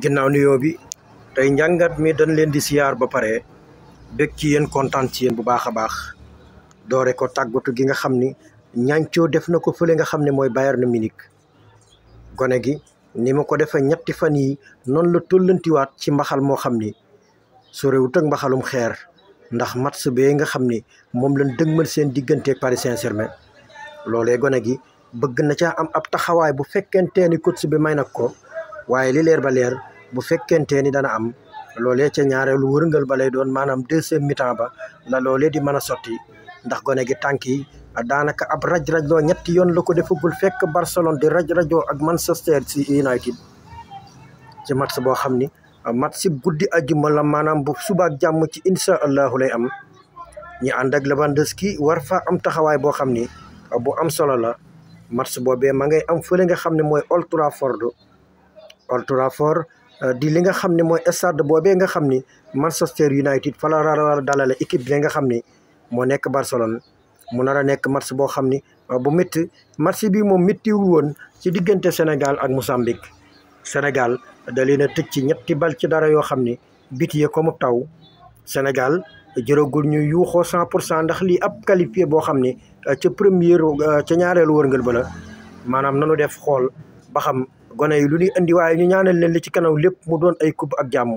ginnaaw nuyoo bi tey njàngat mi dañ leen di siyaar ba pare bég ci yéen kontaan ci yéen bu baax a baax doore ko tàggatu gi nga xam ni ñancoo def na ko fële nga xam ne mooy mi nik gone gi ni ma ko defee ñetti fan yi noonu la tollantiwaat ci mbaxal moo xam ni sorewut ak mbaxalum xeer ndax match bee nga xam ni moom lañ dëgmal seen digganteeg Paris Saint-Germain loolee gone gi bëgg na caa am ab taxawaay bu fekkentee ni coach bi may na ko waaye li leer ba leer bu fekkentee ni dana am loolee ca ñaareelu wërngal ba lay doon maanaam deuxième mi-temps ba la loolee di mën a sotti ndax gone gi tànk yi daanaka ab raj-rajloo ñetti yoon la ko defagul fekk Barcelone di raj-rajoo ak Manchester United ci match boo xam ni match si guddi ajjuma la maanaam bu subaak jàmm ci incha allahu lay am ñi ànd ak Lewandowski war fa am taxawaay boo xam ni bu am solo la match boobee ma ngay am fële nga xam ne mooy Old Trafford Old Trafford euh, di li nga xam ne mooy stade boobe nga xam ni Manchester United fa la dalale équipe bi nga xam ni moo nekk Barcelone mu nar a nekk match boo xam ni euh, bu métti match bi moom méttiwul woon ci diggante Sénégal ak Mozambique Sénégal da leen a tëj ci ñetti bal ci dara yoo xam ni biti yi comme taw Sénégal jërëgul ñu yuuxoo sant pour cent ndax lii ab qualifié boo xam ni euh, ca première ca ñaareelu wërngal ba la maanaam nanu def xool ba xam gone yi lu ñuy indi waaye ñu ñaanal leen li ci kanam lépp mu doon ay kub ak jàmm.